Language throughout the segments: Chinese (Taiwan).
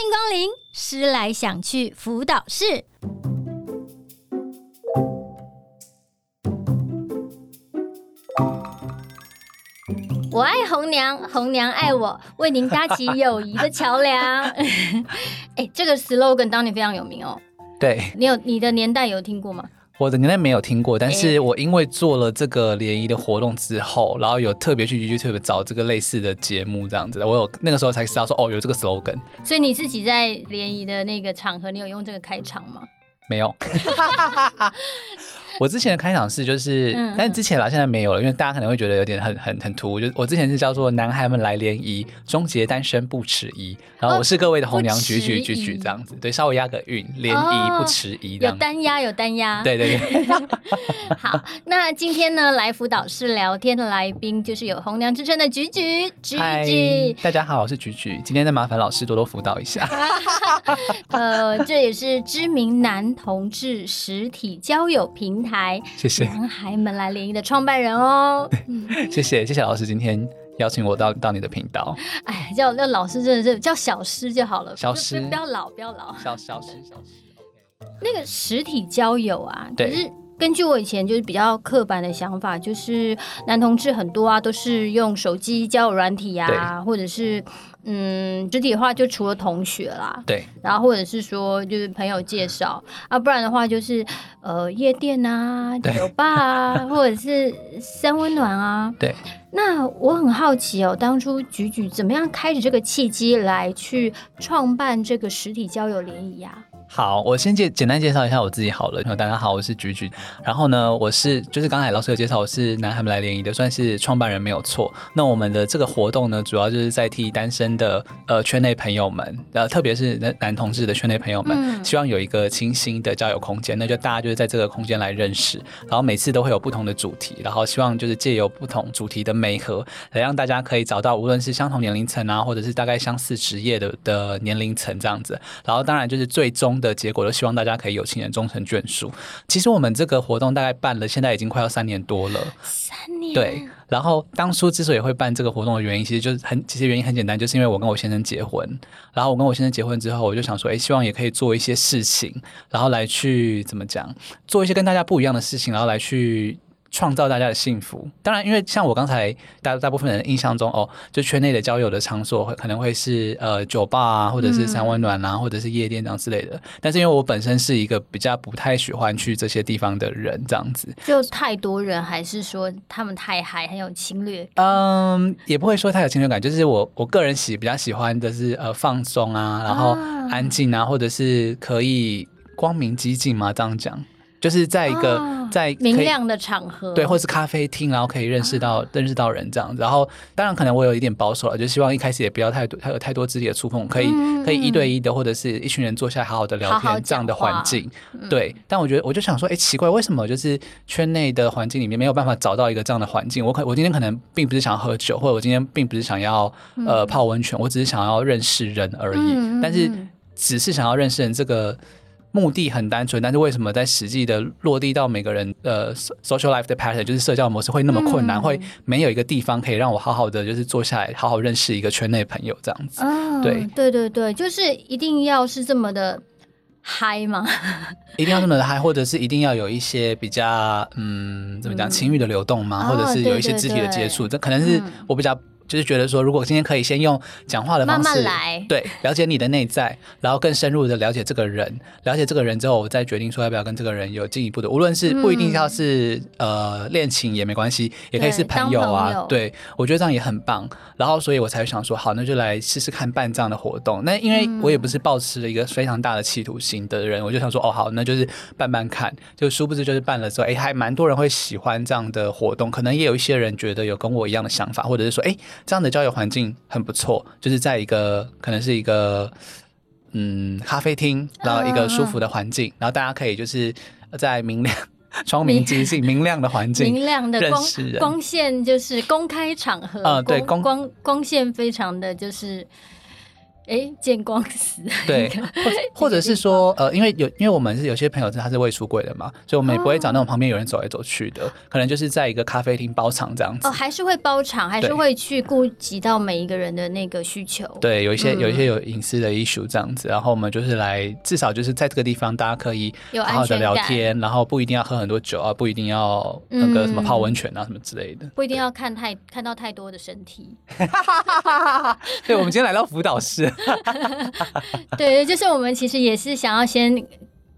歡迎光臨，獅來想去腐導室。 我愛紅娘，紅娘愛我，為您搭起友誼的橋樑。哎、 欸，這個 slogan 當年非常有名哦。對，你有，你的年代有聽過嗎？我的年代沒有聽過，但是我因為做了這個聯誼的活動之後，然後有特別去 YouTube 找這個類似的節目，這樣子的，我有那個時候才知道說，哦，有這個 slogan。所以你自己在聯誼的那個場合，你有用這個開場嗎？沒有。 我之前的開場是就是，嗯，嗯，嗯、但是之前吧，現在沒有了，因為大家可能會覺得有點很很很突兀，就我之前是叫做“男孩們來聯誼，終結單身不遲疑”，然後我是各位的紅娘，矩矩矩矩這樣子，對，稍微押個韻，聯誼、哦、不遲疑。有單押，有單押。對對對。 好，那今天呢，來輔導室聊天的來賓就是有紅娘之稱的矩矩矩矩。矩矩 Hi, 大家好，我是矩矩，今天再麻煩老師多多輔導一下。 呃，這也是知名男同志實體交友平台。台，孩喔、謝謝男孩們來聯誼的創辦人哦，謝謝謝謝老師，今天邀請我到到你的頻道，哎，叫叫老師真的是叫小獅就好了，小獅不要老，不要老，不要老，小小獅小獅。小獅小獅 okay，那個實體交友啊，對可是根據我以前就是比較刻板的想法，就是男同志很多啊，都是用手機交友軟體呀、啊，對或者是。嗯，實體的話就除了同學啦，對，然後或者是說就是朋友介紹啊，不然的話就是呃夜店啊，對，酒吧啊，或者是三溫暖啊。對，那我很好奇哦，當初矩矩怎麼樣開始這個契機來去創辦這個實體交友聯誼呀、啊？好，我先介簡單介紹一下我自己好了。大家好，我是矩矩。然後呢，我是就是剛才老師有介紹，我是男孩們來聯誼的，算是創辦人沒有錯。那我們的這個活動呢，主要就是在替單身的呃圈內朋友們，呃特別是男男同志的圈內朋友們，希望有一個清新的交友空間。那就大家就是在這個空間來認識，然後每次都會有不同的主題，然後希望就是借由不同主題的媒合，來讓大家可以找到無論是相同年齡層啊，或者是大概相似職業的的年齡層這樣子。然後當然就是最終。的結果都希望大家可以有情人終成眷屬。其實我們這個活動大概辦了，現在已經快要三年多了。三年對，然後當初之所以會辦這個活動的原因，其實就是很，其實原因很簡單，就是因為我跟我先生結婚，然後我跟我先生結婚之後，我就想說，誒，希望也可以做一些事情，然後來去怎麼講，做一些跟大家不一樣的事情，然後來去。創造大家的幸福，當然，因為像我剛才大大部分人的印象中，哦，就圈內的交友的場所會可能會是呃酒吧啊，或者是三溫暖啊，嗯、或者是夜店然後之類的。但是因為我本身是一個比較不太喜歡去這些地方的人，這樣子。就太多人，還是說他們太嗨，很有侵略？嗯，也不會說太有侵略感，就是我我個人喜比較喜歡的是呃放鬆啊，然後安靜啊，啊或者是可以光明激進嘛，這樣講。就是在一個在明亮的場合，對，或是咖啡廳，然後可以認識到、啊、認識到人這樣子。然後當然可能我有一點保守了，就是、希望一開始也不要太多，還有太多肢體的觸碰，可以可以一對一的，嗯嗯或者是一群人坐下來好好的聊天好好這樣的環境。對，嗯、但我覺得我就想說，哎、欸，奇怪，為什麼就是圈內的環境裡面沒有辦法找到一個這樣的環境？我可我今天可能並不是想喝酒，或者我今天並不是想要呃泡溫泉，嗯、我只是想要認識人而已。嗯嗯嗯但是只是想要認識人這個。目的很單純，但是為什麼在實際的落地到每個人呃 social life 的 pattern 就是社交模式會那麼困難？嗯、會沒有一個地方可以讓我好好的就是坐下來好好認識一個圈內朋友這樣子？嗯、對對對對，就是一定要是這麼的嗨嗎？一定要這麼的嗨，或者是一定要有一些比較嗯怎麼講情慾的流動嗎？嗯、或者是有一些肢體的接觸？哦、對對對這可能是我比較。嗯就是覺得說，如果今天可以先用講話的方式，慢慢來，對，了解你的內在，然後更深入的了解這個人，了解這個人之後，我再決定說要不要跟這個人有進一步的，無論是不一定要是、嗯、呃戀情也沒關係，也可以是朋友啊。對，當朋友。對，我覺得這樣也很棒。然後，所以我才想說，好，那就來試試看辦這樣的活動。那因為我也不是抱持了一個非常大的企圖心的人，嗯、我就想說，哦，好，那就是辦辦看，就殊不知就是辦了之後，哎、欸，還蠻多人會喜歡這樣的活動，可能也有一些人覺得有跟我一樣的想法，或者是說，哎、欸。這樣的交友環境很不錯，就是在一個可能是一個，嗯，咖啡廳，然後一個舒服的環境，啊、然後大家可以就是在明亮、窗明幾淨、明亮的環境、明亮的光光線，就是公開場合啊、嗯，對，光光，光線非常的就是。哎、欸，見光死。對，或者是說，呃， 因為有，因為我們是有些朋友他是未出櫃的嘛，所以我們也不會找那種旁邊有人走來走去的，哦、可能就是在一個咖啡廳包場這樣子。哦，還是會包場，還是會去顧及到每一個人的那個需求。對，嗯、對，有一些有一些有隱私的 issue 這樣子，然後我們就是來，至少就是在這個地方，大家可以有好好的聊天，然後不一定要喝很多酒啊，不一定要那個什麼泡溫泉啊、嗯、什麼之類的，不一定要看太對看到太多的身體。哈哈哈哈哈對，我們今天來到腐導室。 對就是我們其實也是想要先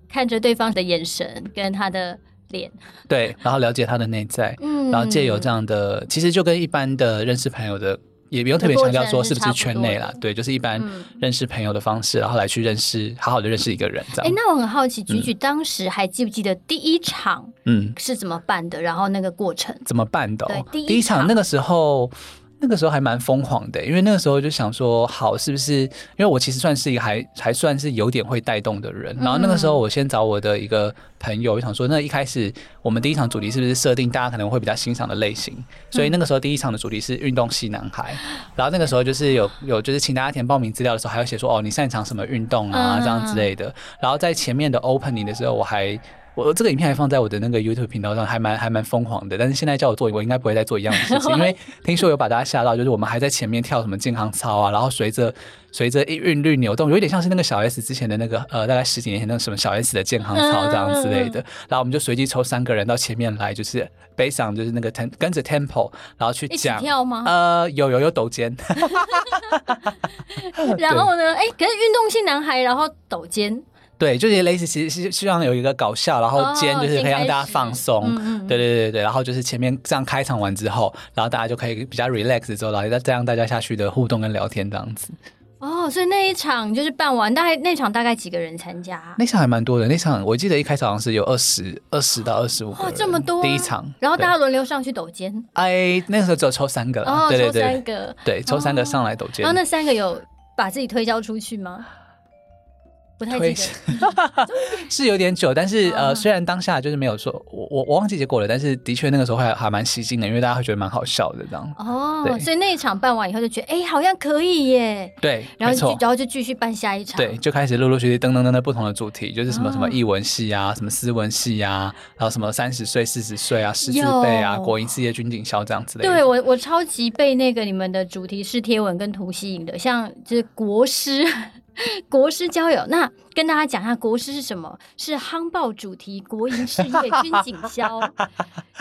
看着對方的眼神跟他的臉，對，然後了解他的內在，嗯，然後借由這樣的，其實就跟一般的認識朋友的，也不用特別強調說是不是圈內啦，對，就是一般認識朋友的方式，嗯、然後來去認識，好好的認識一個人這樣。哎，那我很好奇，矩矩當時還記不記得第一場，嗯，是怎麼辦的？嗯、然後那個過程怎麼辦的、哦？第一，第一場那個時候。那個時候還蠻瘋狂的欸，因為那個時候就想說，好是不是？因為我其實算是一個還還算是有點會帶動的人。嗯。然後那個時候，我先找我的一個朋友，我想說，那一開始我們第一場主題是不是設定大家可能會比較欣賞的類型？所以那個時候第一場的主題是運動系男孩。嗯。然後那個時候就是有有就是請大家填報名資料的時候，還要寫說哦，你擅長什麼運動啊這樣之類的。然後在前面的 opening 的時候，我還。我這個影片還放在我的那個 YouTube 頻道上，還蠻還蠻瘋狂的。但是現在叫我做，我應該不會再做一樣的事情， 因為聽說有把大家嚇到。就是我們還在前面跳什麼健康操啊，然後隨着隨着韻律扭動，有一點像是那個小 S 之前的那個呃，大概十幾年前那個什麼小 S 的健康操這樣之類的。嗯、然後我們就隨機抽三個人到前面來，就是背上就是那個 ten, 跟跟着 tempo，然後去講。跳嗎？呃，有有有抖肩。 然後呢？哎對，跟運動性男孩，然後抖肩。對，就是類似，其實是希望有一個搞笑，然後肩就是可以讓大家放鬆。對對對對，對，然後就是前面這樣開場完之後，然後大家就可以比較 relax 之後，然後再再讓大家下去的互動跟聊天這樣子。哦，所以那一場就是辦完，大概那場大概幾個人參加？那場還蠻多的，那場我記得一開始好像是有二十二十到二十五。哇、哦，這麼多！第一場，然後大家輪流上去抖肩。哎，那個時候只有抽三個了，哦、個對對對，抽三、哦、對，抽三個上來抖肩。然後那三個有把自己推銷出去嗎？推 是有點久，但是，啊、呃，雖然當下就是沒有說，我我我忘記結果了，但是的確那個時候還還蠻吸睛的，因為大家會覺得蠻好笑的這樣。哦，對所以那一場辦完以後就覺得，哎，欸，好像可以耶。對，然後就錯然後就繼續辦下一場，對，就開始陸陸續續噔噔噔的不同的主題，就是什麼什麼藝文系啊，哦、什麼斯文系啊，然後什麼三十歲、四十歲啊、師字輩啊、國營事業軍警校這樣子的。對，我我超級被那個你們的主題式貼文跟圖吸引的，像就是國師。國師交友，那跟大家講一下，國師是什麼？是夯爆主題國營事業軍警消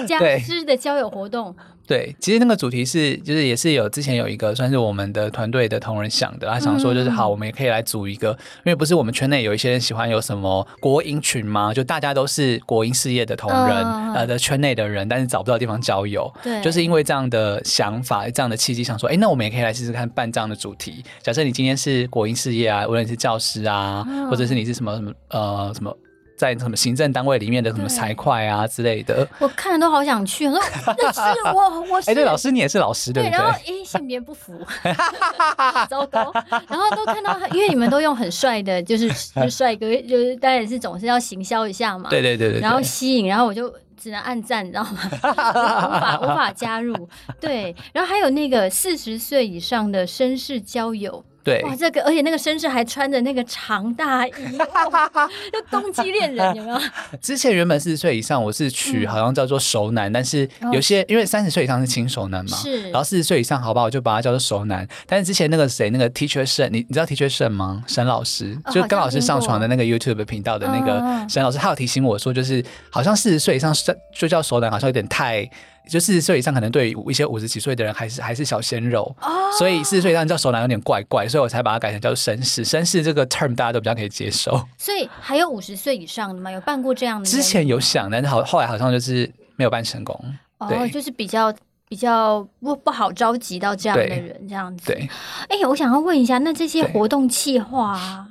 家師 對的交友活動。對，其實那個主題是，就是也是有之前有一個算是我們的團隊的同仁想的，他想說就是好，我們也可以來組一個，嗯、因為不是我們圈內有一些人喜歡有什麼國營群嗎？就大家都是國營事業的同仁呃的圈內的人，但是找不到地方交友，對就是因為這樣的想法，這樣的契機，想說，哎，那我們也可以來試試看辦這樣的主題。假設你今天是國營事業啊，無論是教師啊，嗯、或者是你是什麼什麼呃什麼。呃什麼在什麼行政單位裡面的什麼財會啊對之類的，我看的都好想去。我說那是我我哎，欸、對老師你也是老師對不對？然後哎、欸、性別不符， 糟糕。然後都看到，因為你們都用很帥的，就是就帥哥，就是當然是總是要行銷一下嘛。對對對，對，對，然後吸引，然後我就只能按讚，你知道嗎？ 無法無法加入。對，然後還有那個四十歲以上的紳士交友。對，哇，這個，而且那個紳士還穿着那個長大衣，哈哈哈，就冬季戀人，有沒有？之前原本四十歲以上，我是取好像叫做熟男，嗯、但是有些因為三十歲以上是輕熟男嘛，是、哦，然後四十歲以上，好吧，我就把它叫做熟男。是但是之前那個誰，那個 teacher 沈，你你知道 teacher 沈嗎？沈老師，哦、好就跟老師上床的那個 YouTube 頻道的那個沈老師，哦、他有提醒我說，就是好像四十歲以上是就叫熟男，好像有點太。就四十歲以上，可能對一些五十幾歲的人還是還是小鮮肉，oh. 所以四十歲以上叫熟男有點怪怪，所以我才把它改成叫做紳士。紳士這個 term 大家都比較可以接受。所以還有五十歲以上的嗎？有辦過這樣的嗎？之前有想的，但是好後來好像就是沒有辦成功。哦，oh, 就是比較比較不不好召集到這樣的人這樣子。對，哎、欸，我想要問一下，那這些活動企劃、啊、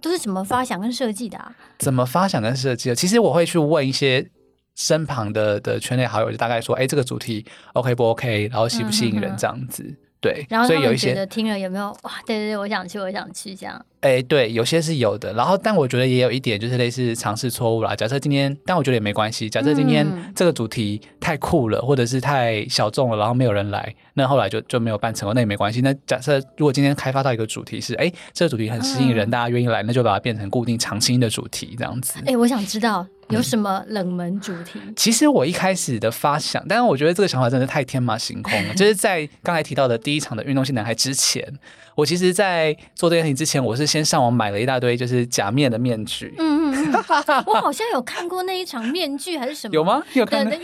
都是什麼、啊、怎麼發想跟設計的？怎麼發想跟設計的？其實我會去問一些。身旁的的圈內好友就大概說，哎、欸，這個主題 OK 不 OK？然後吸不吸引人這樣子，嗯、哼哼對。然後所以有一些聽了有沒有哇？對對對，我想去，我想去這樣。誒、欸，對，有些是有的。然後，但我覺得也有一點，就是類似嘗試錯誤啦。假設今天，但我覺得也沒關係。假設今天這個主題太酷了，或者是太小眾了，然後沒有人來，那後來就就沒有辦成功，那也沒關係。那假設如果今天開發到一個主題是，誒、欸，這個主題很吸引人，嗯、大家願意來，那就把它變成固定長期的主題，這樣子。誒、欸，我想知道有什麼冷門主題。嗯、其實我一開始的發想，但是我覺得這個想法真的太天馬行空了， 就是在剛才提到的第一場的運動系男孩之前。我其實，在做這件事情之前，我是先上網買了一大堆就是假面的面具。嗯嗯嗯，我好像有看過那一場面具還是什麼？有嗎？有看過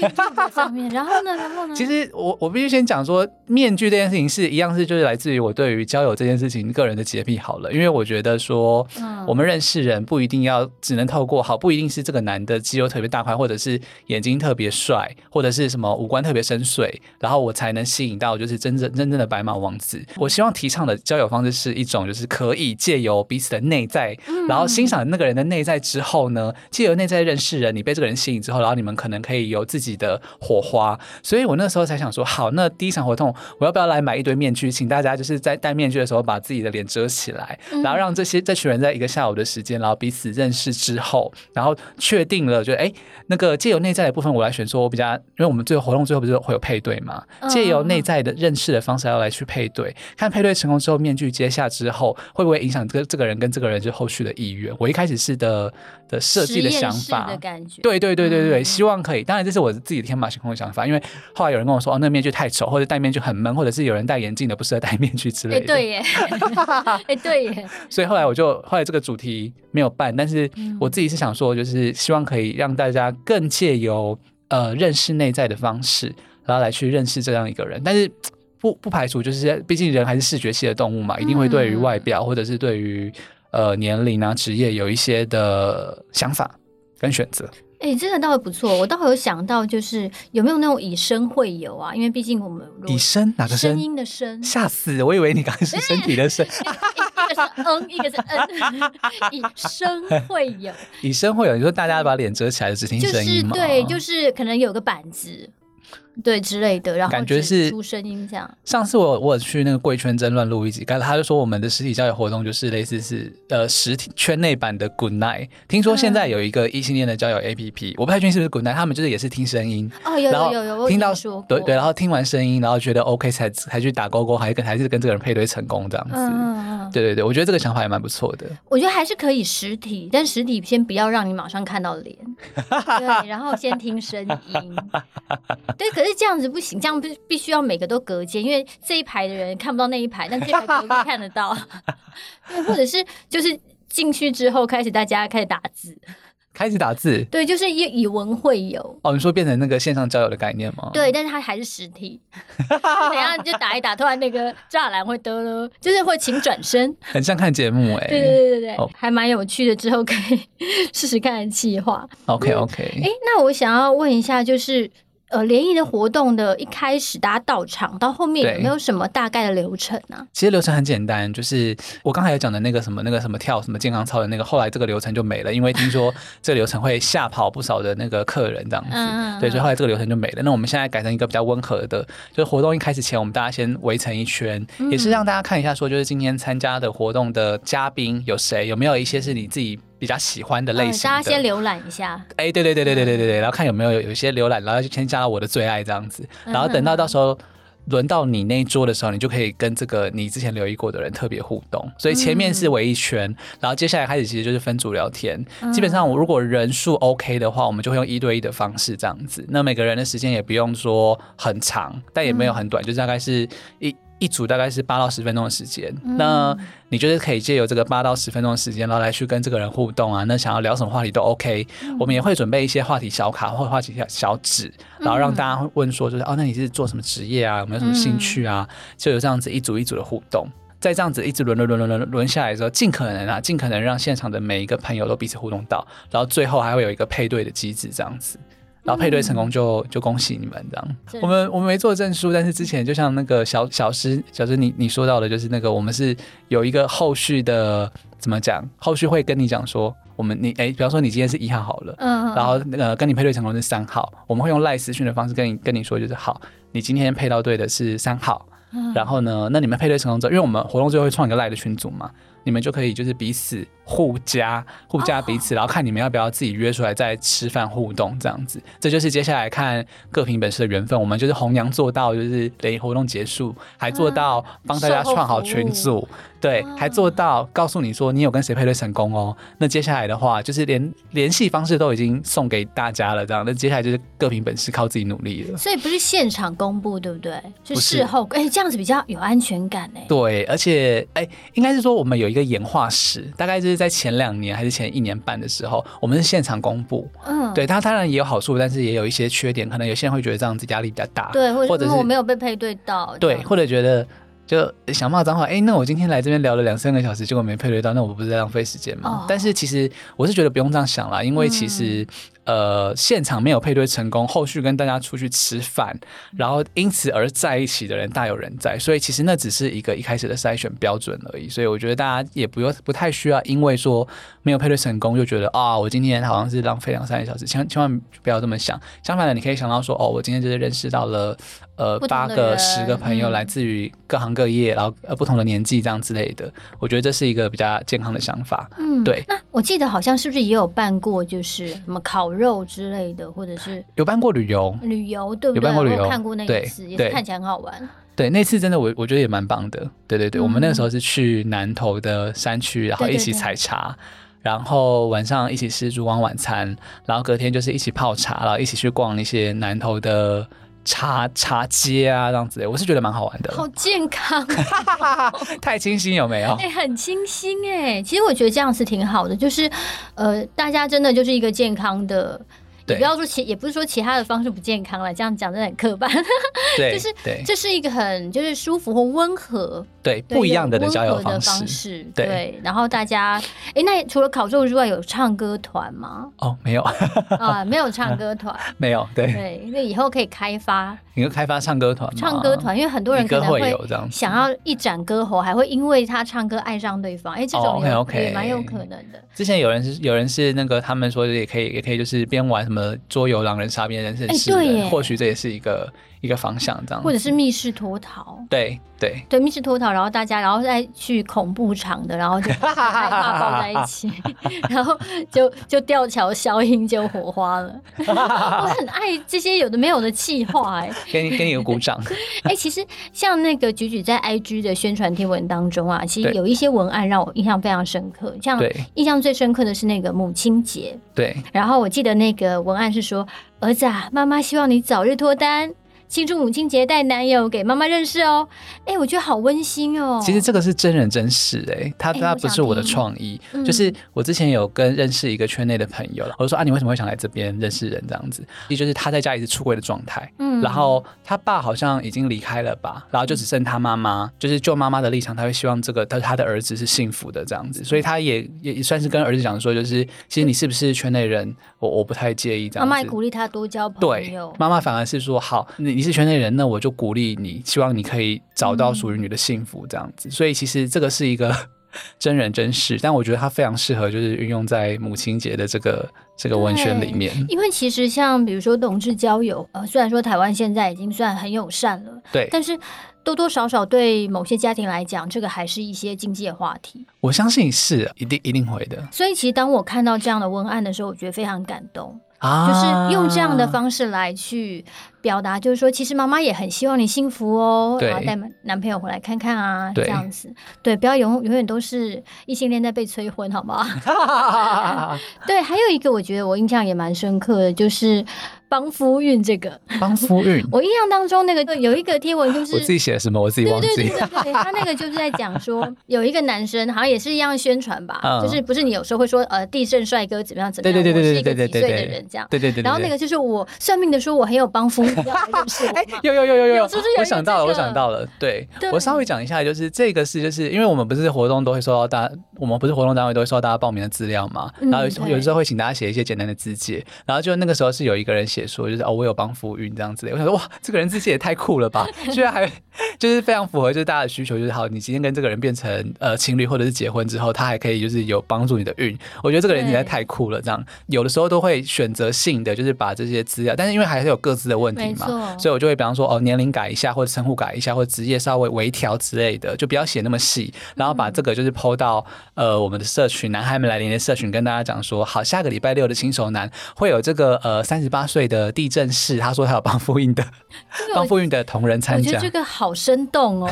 假面，然後呢，然後呢？其實我我必須先講說，面具這件事情是一樣是就是來自於我對於交友這件事情個人的潔癖好了，因為我覺得說，我們認識人不一定要只能透過好，不一定是這個男的肌肉特別大塊，或者是眼睛特別帥，或者是什麼五官特別深邃，然後我才能吸引到就是真正真正的白馬王子。我希望提倡的交友方式是一種，就是可以借由彼此的內在，嗯嗯然後欣賞那個人的內在之後呢，借由內在認識人，你被這個人吸引之後，然後你們可能可以有自己的火花。所以我那時候才想說，好，那第一場活動，我要不要來買一堆面具，請大家就是在戴面具的時候把自己的臉遮起來，嗯嗯然後讓這些這群人在一個下午的時間，然後彼此認識之後，然後確定了就，就哎，那個借由內在的部分，我來選，說我比較，因為我們這個活動最後不是會有配對嗎？借、嗯嗯、由內在的認識的方式，要來去配對，看配對成功之後面。面具揭下之後，會不會影響這個這個人跟這個人就後續的意願？我一開始是的的設計的想法，對對對對對，嗯、希望可以。當然，這是我自己的天馬行空的想法，因為後來有人跟我說，哦，那面具太醜，或者戴面具很悶，或者是有人戴眼鏡的不適合戴面具之類的。欸、對耶，哎、 欸、對耶。所以後來我就後來這個主題沒有辦，但是我自己是想說，就是希望可以讓大家更借由呃認識內在的方式，然後來去認識這樣一個人，但是。不不排除，就是畢竟人還是視覺系的動物嘛，一定會對於外表或者是對於、嗯、呃年齡啊、職業有一些的想法跟選擇。哎、欸，這個倒不錯，我倒有想到，就是有沒有那種以身會友啊？因為畢竟我們以身，哪個聲？聲音的聲。嚇死！我以為你剛剛是身體的身。一個是嗯，一個是嗯。 以身會友，以身會友。你說大家把臉遮起來只聽聲音嗎？對，就是可能有個板子。對之類的，然後感覺是出聲音這樣。上次我我去那個貴圈真亂錄一集，剛他就說我們的實體交友活動就是類似是呃實體圈內版的 Good Night。聽說現在有一個異性戀的交友 APP，、嗯、我不太確定是不是 Good Night，他們就是也是聽聲音哦，有有有有聽到我有聽說對對，然後聽完聲音，然後覺得 OK 才才去打勾勾，還跟還是跟這個人配對成功這樣子。嗯，對對對，我覺得這個想法也蠻不錯的。我覺得還是可以實體，但實體先不要讓你馬上看到臉， 對，然後先聽聲音， 對，可是。是這樣子不行，這樣必必須要每個都隔間，因為這一排的人看不到那一排，但這一排可以看得到。 對，或者是就是進去之後開始大家開始打字，開始打字，對，就是以以文會友。哦，你說變成那個線上交友的概念嗎？對，但是它還是實體。 等一下就打一打，突然那個柵欄會得囉，就是會請轉身，很像看節目哎、欸。對對對對對，oh. 還蠻有趣的，之後可以試試看企劃。OK OK。哎、欸，那我想要問一下，就是。呃，聯誼的活動的一開始，大家到場、嗯、到後面有沒有什麼大概的流程呢、啊？其實流程很簡單，就是我剛才有講的那個什麼那個什麼跳什麼健康操的那個，後來這個流程就沒了，因為聽說這個流程會嚇跑不少的那個客人，這樣子。 對，所以後來這個流程就沒了。那我們現在改成一個比較溫和的，就是活動一開始前，我們大家先圍成一圈，嗯嗯也是讓大家看一下，說就是今天參加的活動的嘉賓有誰，有沒有一些是你自己。比較喜歡的類型的、嗯，大家先瀏覽一下。哎、欸，對對對對對對對對，嗯、然後看有沒有有一些瀏覽，然後就先加到我的最愛這樣子。然後等到到時候輪到你那一桌的時候，你就可以跟這個你之前留意過的人特別互動。所以前面是圍一圈，嗯、然後接下來開始其實就是分組聊天。嗯、基本上我如果人數 OK 的話，我們就會用一對一的方式這樣子。那每個人的時間也不用說很長，但也沒有很短，嗯、就是大概是一。一組大概是八到十分鐘的時間，嗯、那你就是可以借由這個八到十分鐘的時間，然後來去跟這個人互動啊，那想要聊什麼話題都 OK、嗯。我們也會準備一些話題小卡或者話題小小紙，然後讓大家問說，就是、嗯、哦，那你是做什麼職業啊？有沒有什麼興趣啊？就有這樣子一組一組的互動，在、嗯、這樣子一直輪輪輪輪輪輪下來之後，盡可能啊，盡可能讓現場的每一個朋友都彼此互動到，然後最後還會有一個配對的機制，這樣子。然後配對成功就就恭喜你們這樣。是我們我們沒做證書，但是之前就像那個小小獅小獅你你說到的，就是那個我們是有一個後續的怎麼講，後續會跟你講說，我們你哎，比方說你今天是一號好了，嗯，然後那個、呃、跟你配對成功是三號，嗯、我們會用賴私訊的方式跟你跟你說，就是好，你今天配到對的是三號，嗯，然後呢，那你們配對成功之後，因為我們活動最後會創一個賴的群組嘛。你們就可以就是彼此互加互加彼此，oh. 然後看你們要不要自己約出來再吃飯互動這樣子。這就是接下來看各憑本事的緣分。我們就是紅娘做到，就是等活動結束還做到幫大家創好群組。嗯對，還做到告訴你說你有跟誰配對成功哦。那接下來的話，就是連聯繫方式都已經送給大家了，這樣。那接下來就是各憑本事靠自己努力了。所以不是現場公布，對不對？就不是。事後哎，這樣子比較有安全感呢、欸。對，而且哎、欸，應該是說我們有一個演化史，大概就是在前兩年還是前一年半的時候，我們是現場公布。嗯。對，它當然也有好處，但是也有一些缺點。可能有些人會覺得這樣子壓力比較大，對，或者說我沒有被配對到，對，或者覺得。就想罵髒話，哎、欸，那我今天來這邊聊了兩三個小時，結果沒配對到，那我不是在浪費時間嗎？Oh. 但是其實我是覺得不用這樣想啦，因為其實、嗯。呃，現場沒有配對成功，後續跟大家出去吃飯，嗯、然後因此而在一起的人大有人在，所以其實那只是一個一開始的篩選標準而已。所以我覺得大家也不用不太需要，因為說沒有配對成功就覺得啊、哦，我今天好像是浪費兩三個小時，千萬千萬不要這麼想。相反的，你可以想到說，哦，我今天就是認識到了呃八個、十個朋友，嗯、來自於各行各業，然後呃不同的年紀這樣之類的。我覺得這是一個比較健康的想法。嗯，對。那我記得好像是不是也有辦過，就是什麼烤。肉之類的，或者是有辦過旅遊，旅遊對不對？有辦過旅遊，看過那一次，對也是看起來很好玩對。對，那次真的我我覺得也蠻棒的。對對對，嗯、我們那個時候是去南投的山區，然後一起採茶，對對對，然後晚上一起吃燭光晚餐，然後隔天就是一起泡茶，然後一起去逛那些南投的。茶茶街啊，這樣子，我是覺得蠻好玩的。好健康、哦， 太清新有沒有？哎、欸，很清新哎，其實我覺得這樣子挺好的，就是，呃，大家真的就是一個健康的。你不要說其，也不是說其他的方式不健康了，這樣講真的很刻板。對，就是這是一個很就是，舒服或溫和對，不一樣的交友的方式。對，然後大家哎，那除了考中之外，有唱歌團嗎？哦，沒有啊，沒有唱歌團，沒有。對對，因為以後可以開發，你會開發唱歌團，唱歌團，因為很多人可能會這樣想要一展歌喉，還會因為他唱歌愛上對方。哎，這種 o OK 也蠻有可能的。之前有人是，有人是那個他們說也可以，也可以就是邊玩什麼，呃，桌遊《狼人殺》變人生式，或許這也是一個一個方向這樣，或者是密室脫逃，對對對，密室脫逃，然後大家然後再去恐怖場的，然後就抱在一起， 然後就就吊橋效應就火花了。 我很愛這些有的沒有的企劃哎、欸，給你給你 一個鼓掌哎 欸。其實像那個矩矩在 IG 的宣傳貼文當中啊，其實有一些文案讓我印象非常深刻，像印象最深刻的是那個母親節，對，然後我記得那個文案是說：“對兒子啊，媽媽希望你早日脫單。”慶祝母親節帶男友給媽媽認識哦，哎、欸，我覺得好溫馨哦。其實這個是真人真事哎、欸，他、欸、他不是我的創意，嗯、就是我之前有跟認識一個圈內的朋友，嗯、我就說啊，你為什麼會想來這邊認識人這樣子？也就是他在家也是出櫃的狀態，嗯，嗯，然後他爸好像已經離開了吧，然後就只剩他媽媽，嗯、就是就媽媽的立場，他會希望這個他他的兒子是幸福的這樣子，所以他也也算是跟兒子講說，就是其實你是不是圈內人，我我不太介意這樣子。媽媽也鼓勵他多交朋友，對媽媽反而是說好你。你是圈內人呢，我就鼓勵你，希望你可以找到屬於你的幸福這樣子。嗯、所以其實這個是一個真人真事，但我覺得它非常適合，就是運用在母親節的這個這個文宣裡面。因為其實像比如說同志交友，呃，雖然說台灣現在已經算很友善了，對，但是多多少少對某些家庭來講，這個還是一些禁忌的話題。我相信是，一定一定會的。所以其實當我看到這樣的文案的時候，我覺得非常感動。就是用這樣的方式來去表達，就是說，其實媽媽也很希望你幸福哦，對然後帶男朋友回來看看啊，這樣子，對，對，不要永永遠都是異性戀在被催婚，好不好？對，還有一個我覺得我印象也蠻深刻的，就是。幫夫運，這個幫夫運， 我印象當中那個有一個貼文就是我自己寫的什麼，我自己忘記一下，他那個就是在講說，有一個男生好像也是一樣宣傳吧， 就是不是你有時候會說呃地震帥哥怎麼樣怎麼樣，對對對對對對對對，這樣對對對。然後那個就是我算命的說，我很有幫夫哎， 欸、有有有有有，我想到了，我想到了，對，對我稍微講一下，就是這個是就是因為我們不是活動都會收到大，我們不是活動單位都會收到大家報名的資料嘛，然後有有時候會請大家寫一些簡單的字句。然後就那個時候是有一個人寫。解說就是哦，我有幫夫運這樣子，我想說哇，這個人自己也太酷了吧！ 居然還就是非常符合就是大家的需求，就是好，你今天跟這個人變成呃情侶或者是結婚之後，他還可以就是有幫助你的運，我覺得這個人實在太酷了。這樣對有的時候都會選擇性的就是把這些資料，但是因為還是有各自的問題嘛，錯所以我就會比方說哦，年齡改一下，或者稱呼改一下，或者職業稍微微調之類的，就不要寫那麼細，然後把這個就是 po 到呃我們的社群，男孩們來聯誼的社群，跟大家講說好，下個禮拜六的輕熟男會有這個呃三十八歲的地震室，他說他要幫複印的，幫複印的同仁參加，我覺得這個好生動哦，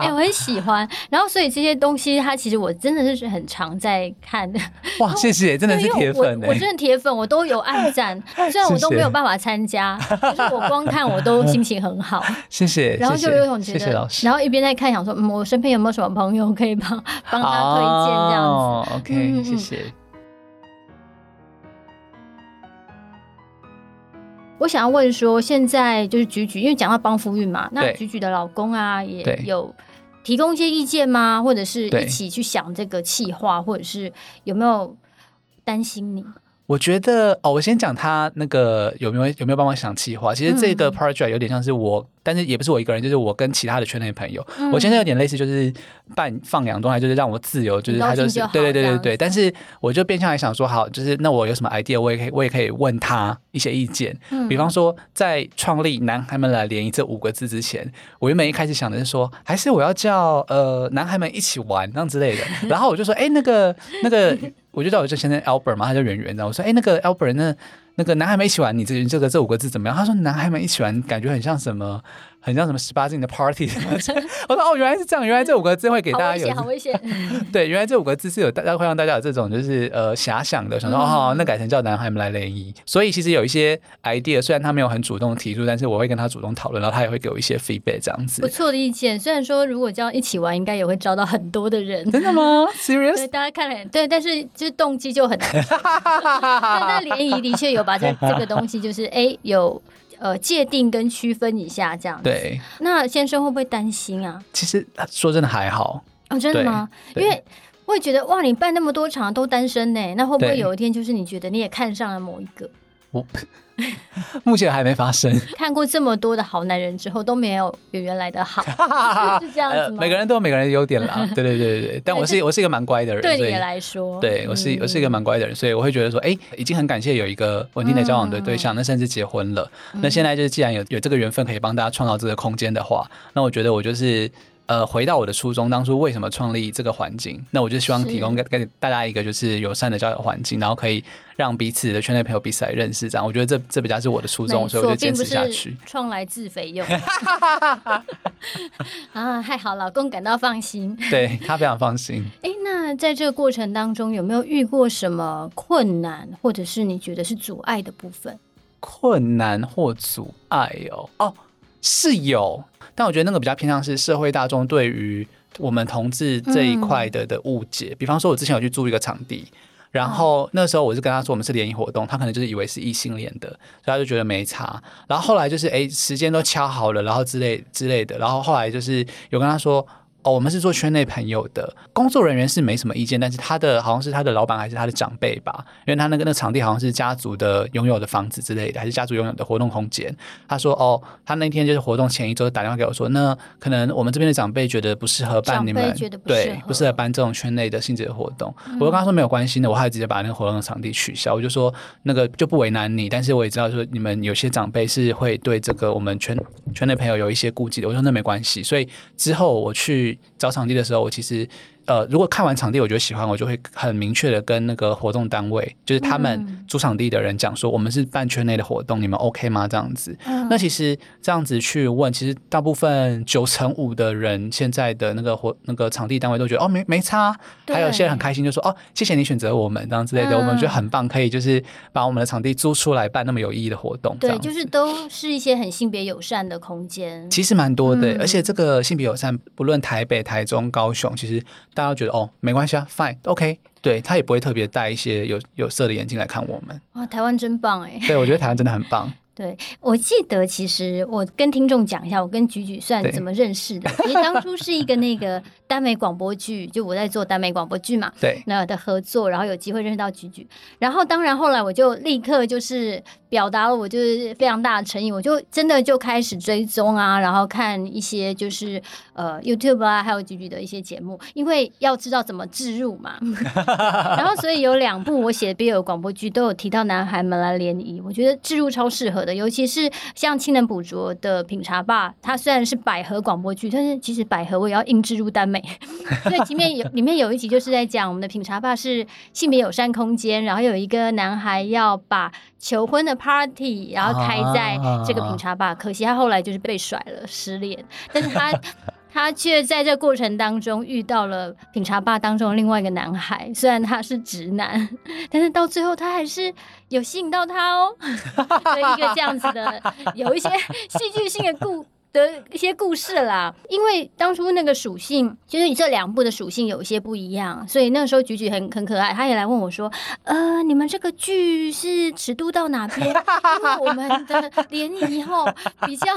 哎，我很喜歡。然後，所以這些東西，他其實我真的是很常在看。哇，謝謝，真的是鐵粉，我真的鐵粉，我都有按讚，雖然我都沒有辦法參加，但是我光看我都心情很好。謝謝。然後就有種覺得，謝謝老師，然後一邊在看，想說，嗯，我身邊有沒有什麼朋友可以幫幫他推薦這樣子？OK，謝謝。我想要問說，現在就是矩矩，因為講到幫夫運嘛，對那矩矩的老公啊，也有提供一些意見嗎？對或者是一起去想這個企劃，對或者是有沒有擔心你？我覺得哦，我先講他那個有沒有有沒有辦法想計劃？其實這個 project 有點像是我，嗯、哼但是也不是我一個人，就是我跟其他的圈內朋友，嗯、我現在有點類似，就是半放養狀態，就是讓我自由，就是他就是就對對對對對。是的但是我就變相來想說，好，就是那我有什麼 idea，我也可以我也可以問他一些意見。嗯、比方說，在創立“男孩們來聯誼”這五個字之前，我原本一開始想的是說，還是我要叫呃“男孩們一起玩”那樣之類的。 然後我就說，哎、欸，那個那個。 我就在我之前在 Albert 嘛，他叫圓圓的。我說：“哎，那個 Albert，那那個男孩們一起玩，你這個、這個這五個字怎麼樣？”他說：“男孩們一起玩，感覺很像什麼？”很像什麼十八禁的 party， 我說哦，原來是這樣，原來這五個字會給大家有 好危險，好危險。對，原來這五個字是有大家會讓大家有這種就是呃遐想的，想說哦，嗯，哦，那改成叫男孩們來聯誼。所以其實有一些 idea，雖然他沒有很主動提出，但是我會跟他主動討論，然後他也會給我一些 feedback 這樣子。不錯的意見，雖然說如果這樣一起玩，應該也會招到很多的人。真的嗎 ？Serious？對，大家看了，對，但是就是動機就很哈哈哈。那聯誼的確有把這這個東西，就是哎、 欸、有。呃，界定跟區分一下這樣子。對，那先生會不會擔心啊？其實說真的還好啊。真的嗎？對因為我也覺得，哇，你辦那麼多場都單身呢，欸，那會不會有一天就是你覺得你也看上了某一個？我。 目前還沒發生。看過這麼多的好男人之後，都沒有比原來的好， 是這樣子嗎？每個人都有每個人的優點啦。對對對對，但我是我是一個蠻乖的人。對你來說，對我是，我是一個蠻乖的人，所以我會覺得說，哎，已經很感謝有一個穩定的交往的對象，那甚至結婚了。那現在就是，既然有有這個緣分可以幫大家創造這個空間的話，那我覺得我就是。呃，回到我的初衷，當初為什麼創立這個環境？那我就希望提供給是給大家一個就是友善的交友環境，然後可以讓彼此的圈內朋友彼此來認識。這樣，我覺得這這比較是我的初衷，所以我就堅持下去，創來自肥用。 啊，還好老公感到放心， 對他非常放心。誒、欸，那在這個過程當中，有沒有遇過什麼困難，或者是你覺得是阻礙的部分？困難或阻礙哦，哦，是有。但我覺得那個比較偏向是社會大眾對於我們同志這一塊的、嗯、的誤解，比方說，我之前有去租一個場地，然後那時候我就跟他說我們是聯誼活動，他可能就是以為是異性戀的，所以他就覺得沒差。然後後來就是哎，時間都敲好了，然後之類之類的，然後後來就是有跟他說。哦，我們是做圈內朋友的，工作人員是沒什麼意見，但是他的好像是他的老闆還是他的長輩吧，因為他那個那場地好像是家族的擁有的房子之類的，還是家族擁有的活動空間。他說，哦，他那天就是活動前一周打電話給我說，那可能我們這邊的長輩覺得不適合辦你們，對，不適合辦這種圈內的性質的活動。我跟他說沒有關係的，我還直接把那個活動的場地取消。我就說那個就不為難你，但是我也知道說你們有些長輩是會對這個我們圈圈內朋友有一些顧忌的。我說那沒關係，所以之後我去。找場地的時候，我其實。呃，如果看完場地我覺得喜歡，我就會很明確的跟那個活動單位，就是他們租場地的人講說，我們是辦圈內的活動，嗯、你們 OK 嗎？這樣子。嗯、那其實這樣子去問，其實大部分九成五的人現在的那個活那個場地單位都覺得哦，沒沒差、啊。對還有些人很開心，就說哦，謝謝你選擇我們這樣之類的，我們覺得很棒，可以就是把我們的場地租出來辦那麼有意義的活動。對，就是都是一些很性別友善的空間。其實蠻多的，嗯、而且這個性別友善，不論臺北、臺中、高雄，其實。大家覺得哦，沒關係啊，fine，OK、okay，對，他也不會特別帶一些有有色的眼鏡來看我們。哇，台灣真棒哎！對，我覺得台灣真的很棒。 對，我記得，其實我跟聽眾講一下，我跟矩矩算怎麼認識的？因為對當初是一個那個耽美廣播劇， 就我在做耽美廣播劇嘛，對，那的合作，然後有機會認識到矩矩，然後當然後來我就立刻就是。表達了我就是非常大的誠意，我就真的就開始追蹤啊，然後看一些就是呃 YouTube 啊，還有矩矩的一些節目，因為要知道怎麼置入嘛。 然後所以有兩部我寫的比較廣播劇都有提到男孩們來聯誼，我覺得置入超適合的，尤其是像《親能補拙》的品茶 Bar，它雖然是百合廣播劇，但是其實百合我也要硬置入耽美， 所以裡面有裡面有一集就是在講我們的品茶 Bar 是性別友善空間，然後有一個男孩要把求婚的 party，然後開在這個品茶吧，啊、可惜他後來就是被甩了，失戀。但是他， 他卻在這過程當中遇到了品茶吧當中另外一個男孩，雖然他是直男，但是到最後他還是有吸引到他哦。 就一個這樣子的， 有一些戲劇性的故。的一些故事啦，因為當初那個屬性，就是你這兩部的屬性有一些不一樣，所以那個時候矩矩很很可愛，他也來問我說：“呃，你們這個劇是尺度到哪邊？” 因為我們的聯誼吼比較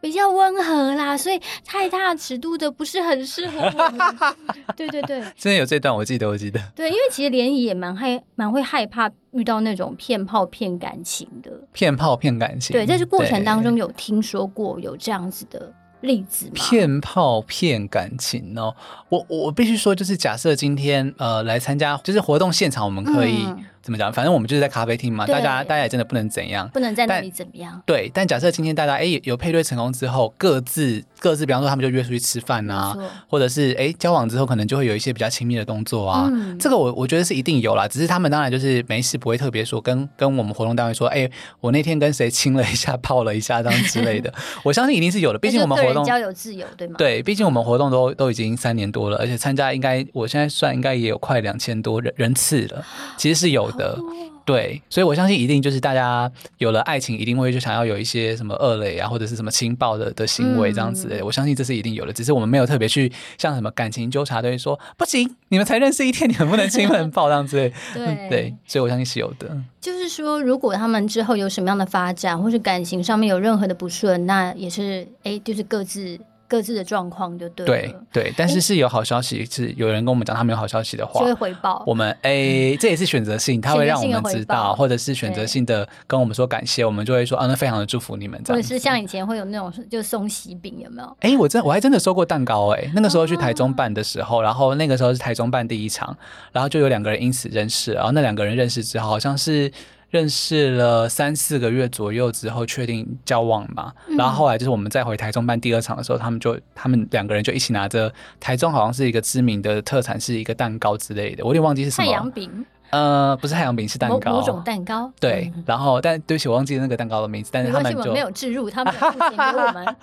比較溫和啦，所以太大尺度的不是很適合我們。對對對，真的有這段，我記得，我記得。對，因為其實聯誼也蠻害，蠻會害怕。遇到那種騙炮騙感情的，騙炮騙感情。對，在這過程當中有聽說過有這樣子的例子嗎？騙炮騙感情哦，我我必須說，就是假設今天呃來參加，就是活動現場，我們可以，嗯。怎麼講？反正我們就是在咖啡廳嘛，對大家大家也真的不能怎樣，不能在那裡怎麼樣。對，但假設今天大家哎、欸、有配對成功之後，各自各自，比方說他們就約出去吃飯啊，錯或者是哎、欸、交往之後，可能就會有一些比較親密的動作啊。嗯、這個我我覺得是一定有啦，只是他們當然就是沒事不會特別說跟跟我們活動單位說，哎、欸，我那天跟誰親了一下，抱了一下這樣之類的。 我相信一定是有的，畢竟我們活動交友自由，對嗎？對，畢竟我們活動都都已經三年多了，而且參加應該我現在算應該也有快兩千多人人次了，其實是有。的、哦、對，所以我相信一定就是大家有了愛情，一定會就想要有一些什麼惡劣啊，或者是什麼輕暴的的行為這樣子。嗯、我相信這是一定有的，只是我們沒有特別去像什麼感情糾察隊說不行，你們才認識一天，你們不能親輕抱這樣子。 對、嗯、對，所以我相信是有的。就是說，如果他們之後有什麼樣的發展，或是感情上面有任何的不順，那也是誒，就是各自。各自的狀況就對對對，但是是有好消息，欸、是有人跟我們講他們有好消息的話，就會回報我們。誒、欸，嗯、這也是選擇性，他會讓我們知道，或者是選擇性的跟我們說感謝，對我們就會說啊，那非常的祝福你們這樣子。或者是像以前會有那種就送喜餅，有沒有？哎、欸，我真我還真的收過蛋糕哎、欸，那個時候去台中辦的時候，嗯、然後那個時候是台中辦第一場，然後就有兩個人因此認識，然後那兩個人認識之後，好像是。認識了三四個月左右之後，確定交往嘛。然後後來就是我們再回台中辦第二場的時候，嗯、他們就他們兩個人就一起拿着台中好像是一個知名的特產，是一個蛋糕之類的，我有點忘記是什麼。太陽餅？呃，不是太陽餅，是蛋糕。五種蛋糕。對。然後但對不起，我忘記那個蛋糕的名字。但是他們就沒，我們沒有置入，他們沒有給我們。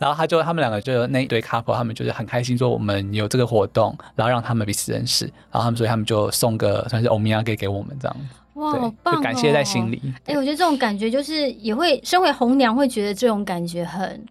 然後他就他們兩個就那對 couple，他們就是很開心說我們有這個活動，然後讓他們彼此認識，然後他們所以他們就送個算是歐米亞給給我們這樣。哇，好棒哦！感謝在心裡。哎、欸，我覺得這種感覺就是，也會身為紅娘，會覺得這種感覺很。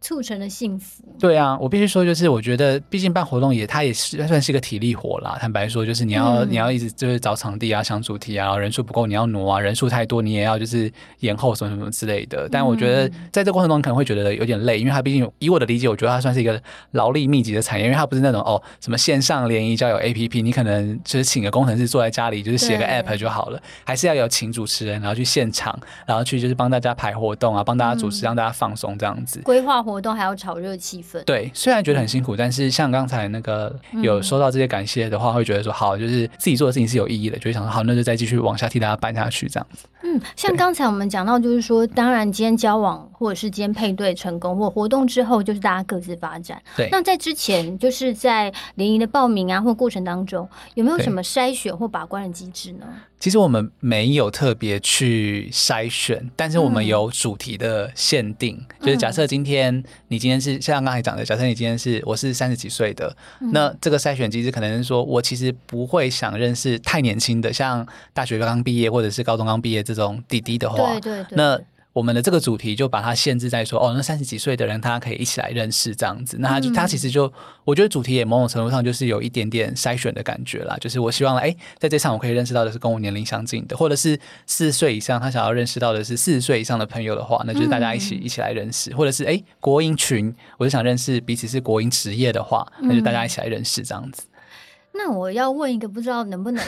促成了幸福。對啊，我必須說，就是我覺得，畢竟辦活動也，它也是它算是一個體力活啦。坦白說，就是你要，嗯、你要一直就是找場地啊，想主題啊，然後人數不夠你要挪啊，人數太多你也要就是延後什麼什麼之類的。但我覺得，在這過程中可能會覺得有點累，因為它畢竟以我的理解，我覺得它算是一個勞力密集的產業，因為它不是那種哦什麼線上聯誼交友 APP，你可能就是請個工程師坐在家裡就是寫個 APP 就好了，對還是要有請主持人，然後去現場，然後去就是幫大家排活動啊，幫大家主持，讓大家放鬆這樣子規劃。嗯活動還要炒熱氣氛，對，雖然覺得很辛苦，但是像剛才那個有收到這些感謝的話，嗯、會覺得說好，就是自己做的事情是有意義的，就會想說好，那就再繼續往下替大家辦下去這樣子。嗯，像剛才我們講到，就是說，對當然今天交往或者是今天配對成功或活動之後，就是大家各自發展。對，那在之前就是在聯誼的報名啊或過程當中，有沒有什麼篩選或把關的機制呢？其實我們沒有特別去篩選，但是我們有主題的限定，嗯、就是假設今天。你今天是像剛才講的，假設你今天是，我是三十幾歲的，那這個篩選機制可能是說，我其實不會想認識太年輕的，像大學剛剛畢業或者是高中剛畢業這種弟弟的話，嗯、對，對對。那我們的這個主題就把它限制在說，哦，那三十幾歲的人大家可以一起來認識這樣子。那他就、嗯、他其實就，我覺得主題也某種程度上就是有一點點篩選的感覺啦。就是我希望，哎，在這場我可以認識到的是跟我年齡相近的，或者是四十歲以上，他想要認識到的是四十歲以上的朋友的話，那就是大家一起一起來認識。嗯、或者是哎，國營群，我就想認識彼此是國營職業的話，那就大家一起來認識這樣子。那我要問一個，不知道能不能、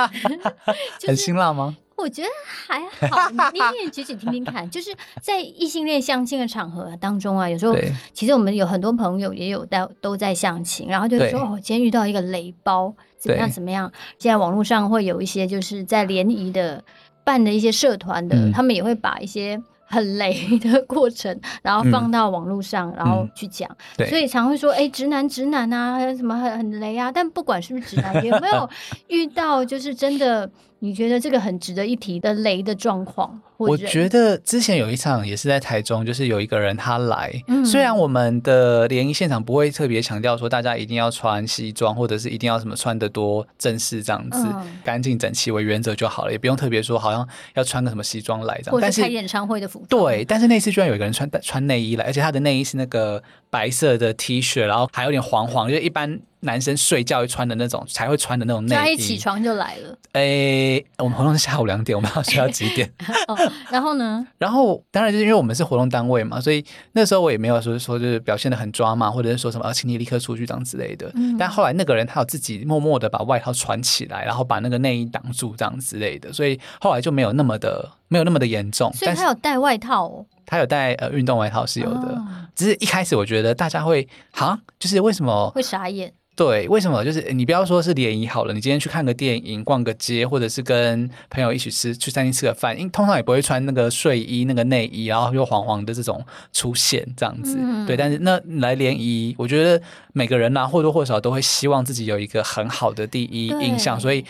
就是、很辛辣嗎？我覺得還好，你念、講、講、聽聽看， 就是在異性戀相親的場合、啊、當中啊，有時候對其實我們有很多朋友也有在都在相親，然後就說對哦，今天遇到一個雷包，怎麼樣對怎麼樣？現在網絡上會有一些就是在聯誼的辦的一些社團的，嗯、他們也會把一些很雷的過程，然後放到網絡上，嗯、然後去講，嗯、所以常會說哎對、欸，直男直男啊，什麼很很雷啊！但不管是不是直男，有沒有遇到就是真的。 你覺得這個很值得一提的雷的狀況？我覺得之前有一場也是在台中，就是有一個人他來，嗯、雖然我們的聯誼現場不會特別強調說大家一定要穿西裝，或者是一定要什麼穿得多正式這樣子，嗯、乾淨整齊為原則就好了，也不用特別說好像要穿個什麼西裝來這樣。但是開演唱會的服裝對，但是那次居然有一個人穿穿內衣來，而且他的內衣是那個白色的 T 恤，然後還有點黃黃，就是一般。男生睡覺會穿的那種，才會穿的那種內衣。一起床就來了。誒、欸，我們活動下午兩點，我們要睡到幾點？ 哦，然後呢？然後當然就是因為我們是活動單位嘛，所以那時候我也沒有說說就是表現的很抓嘛，或者是說什麼、啊，請你立刻出去這樣之類的。嗯、哼但後來那個人他有自己默默的把外套穿起來，然後把那個內衣擋住這樣之類的，所以後來就沒有那麼的沒有那麼的嚴重。所以他有帶外套哦，他有帶呃運動外套是有的，哦、只是一開始我覺得大家會哈，就是為什麼會傻眼？對，為什麼就是你不要說是聯誼好了，你今天去看個電影、逛個街，或者是跟朋友一起吃去餐廳吃個飯，因為通常也不會穿那個睡衣、那個內衣，然後又黃黃的這種出現這樣子。嗯、對，但是那來聯誼我覺得每個人呢、啊、或多或少都會希望自己有一個很好的第一印象，對所以。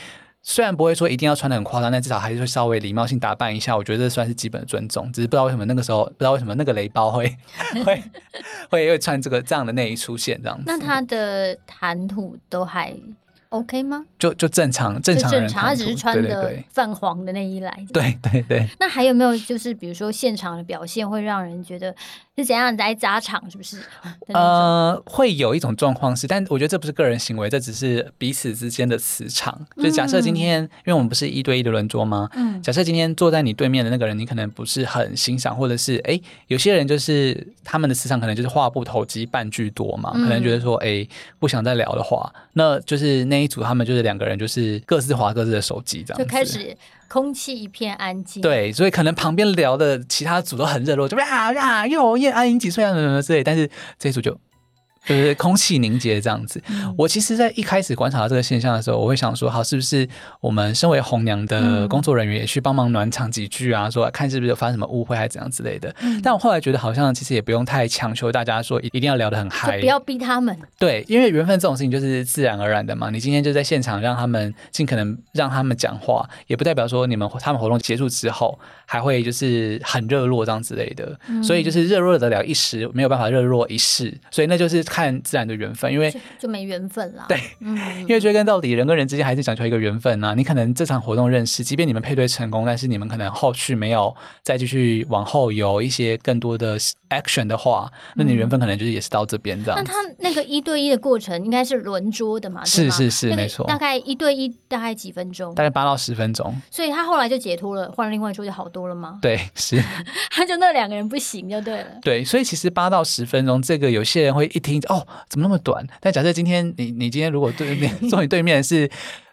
雖然不會說一定要穿的很誇張，但至少還是會稍微禮貌性打扮一下。我覺得這算是基本的尊重。只是不知道為什麼那個時候，不知道為什麼那個雷包會 會會會穿這個這樣的內衣出現這樣子。 那他的談吐都還。OK 嗎？就就正常正常的人正常，他只是穿的泛黃的內衣來。對對對。那還有沒有就是比如說現場的表現會讓人覺得是怎樣來砸場，是不是？呃，會有一種狀況是，但我覺得這不是個人行為，這只是彼此之間的磁場。嗯、就假設今天，因為我們不是一對一的輪桌嗎？嗯。假設今天坐在你對面的那個人，你可能不是很欣賞，或者是哎、欸，有些人就是他們的磁場可能就是話不投機半句多嘛，嗯、可能覺得說哎、欸、不想再聊的話，那就是那。一組他們就是兩個人，就是各自滑各自的手機，這樣就開始空氣一片安靜。對，所以可能旁邊聊的其他組都很熱絡，就啊啊，又阿英、啊、你幾歲啊，什麼什麼之類，但是這一組就。就是空氣凝結這樣子。嗯、我其實，在一開始觀察到這個現象的時候，我會想說，好，是不是我們身為紅娘的工作人員也去幫忙暖場幾句啊？嗯、說看是不是有發生什麼誤會還是怎樣之類的。嗯、但我後來覺得，好像其實也不用太強求大家說一定要聊得很嗨，不要逼他們。對，因為緣分這種事情就是自然而然的嘛。你今天就在現場讓他們盡可能讓他們講話，也不代表說你們他們活動結束之後還會就是很熱絡這樣之類的。嗯、所以就是熱絡得了一時，沒有辦法熱絡一世，所以那就是。看自然的緣分，因為就，就沒緣分了。對，嗯嗯嗯。因為追根到底，人跟人之間還是講究一個緣分吶、啊。你可能這場活動認識，即便你們配對成功，但是你們可能後續沒有再繼續往後有一些更多的 action 的話，那你緣分可能就是也是到這邊這樣。嗯嗯。那他那個一對一的過程應該是輪桌的嘛？是是是，沒錯。大概一對一大概幾分鐘？大概八到十分鐘。所以他後來就解脫了，換另外一桌就好多了嗎？對，是。 他就那兩個人不行就對了。對，所以其實八到十分鐘這個，有些人會一聽。哦，怎麼那麼短？但假設今天你，你今天如果對面坐你對面是，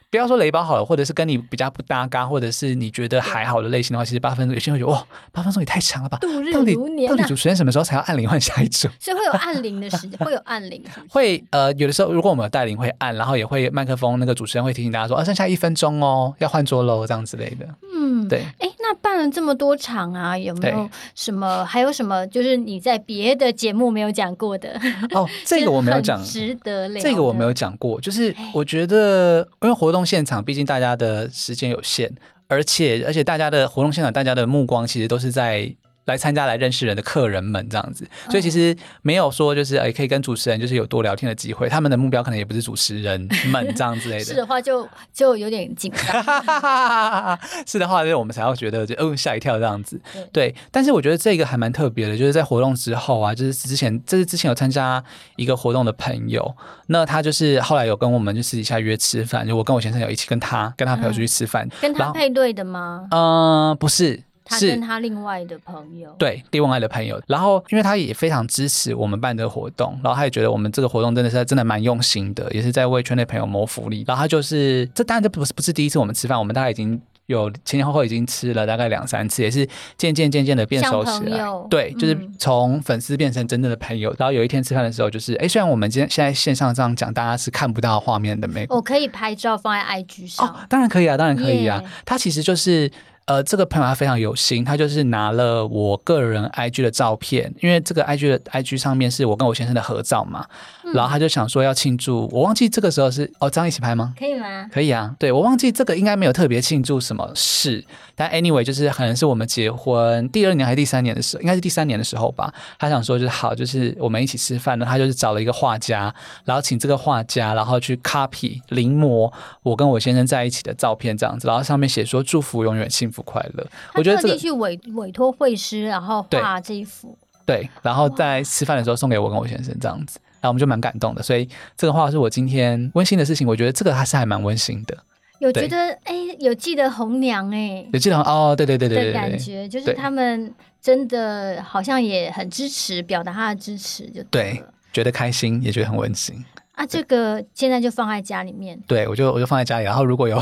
不要說雷包好了，或者是跟你比較不搭嘎，或者是你覺得還好的類型的話，其實八分鐘有些人會覺得哦八分鐘也太長了吧？度日如年啊。到底，到底主持人什麼時候才要按鈴換下一組？所以會有按鈴的時間， 會有按鈴，會呃有的時候如果我們有帶領會按，然後也會麥克風那個主持人會提醒大家說，啊，剩下一分鐘哦，要換桌嘍，這樣之類的。嗯對，哎，那辦了這麼多場啊，有沒有什麼？對還有什麼？就是你在別的節目沒有講過的。哦，這個我沒有講。值得嘞，這個我沒有講過。就是我覺得，因為活動現場畢竟大家的時間有限，而且而且大家的活動現場，大家的目光其實都是在。來參加來認識人的客人們這樣子，所以其實沒有說就是哎，可以跟主持人就是有多聊天的機會。他們的目標可能也不是主持人們這樣之類的。 是的話就就有點緊張。是的話，就是我們才會覺得就哦、呃、嚇一跳這樣子。對，對，但是我覺得這個還蠻特別的，就是在活動之後啊，就是之前就是之前有參加一個活動的朋友，那他就是後來有跟我們就私底下約吃飯，就我跟我先生有一起跟他跟他朋友出去吃飯，嗯、後跟他配對的嗎？嗯，不是。是跟他，他另外的朋友，對另外的朋友，然後因為他也非常支持我們辦的活動，然後他也覺得我們這個活動真的是真的蠻用心的，也是在為圈內朋友謀福利。然後他就是這當然這不是不是第一次我們吃飯，我們大概已經有前前後後已經吃了大概兩三次，也是漸漸漸漸，漸的變熟起來。對，就是從粉絲變成真正的朋友。嗯、然後有一天吃飯的時候，就是哎，雖然我們今天現在線上這樣講，大家是看不到畫面的，沒？我可以拍照放在 IG 上。哦，當然可以啊，當然可以啊。Yeah. 他其實就是。呃，這個朋友他非常有心，他就是拿了我個人 IG 的照片，因為這個 IG 的 IG 上面是我跟我先生的合照嘛，嗯、然後他就想說要慶祝，我忘記這個時候是哦，這樣一起拍嗎？可以嗎？可以啊，對我忘記這個應該沒有特別慶祝什麼事。是但 anyway，就是可能是我們結婚第二年還是第三年的時候，應該是第三年的時候吧。他想說就是好，就是我們一起吃飯呢。他就是找了一個畫家，然後請這個畫家，然後去 copy 臨摹我跟我先生在一起的照片，這樣子。然後上面寫說祝福永遠幸福快樂。我覺得特地去委委託畫師，然後畫這一幅對。對，然後在吃飯的時候送給我跟我先生這樣子。然後我們就蠻感動的，所以這個畫是我今天溫馨的事情。我覺得這個還是還蠻溫馨的。有覺得哎對，有記得紅娘哎，有記得紅哦，對對對對，對，感覺就是他們真的好像也很支持，對表達他的支持就對，對，覺得開心也覺得很溫馨。啊，對這個現在就放在家裡面，對我就我就放在家裡，然後如果有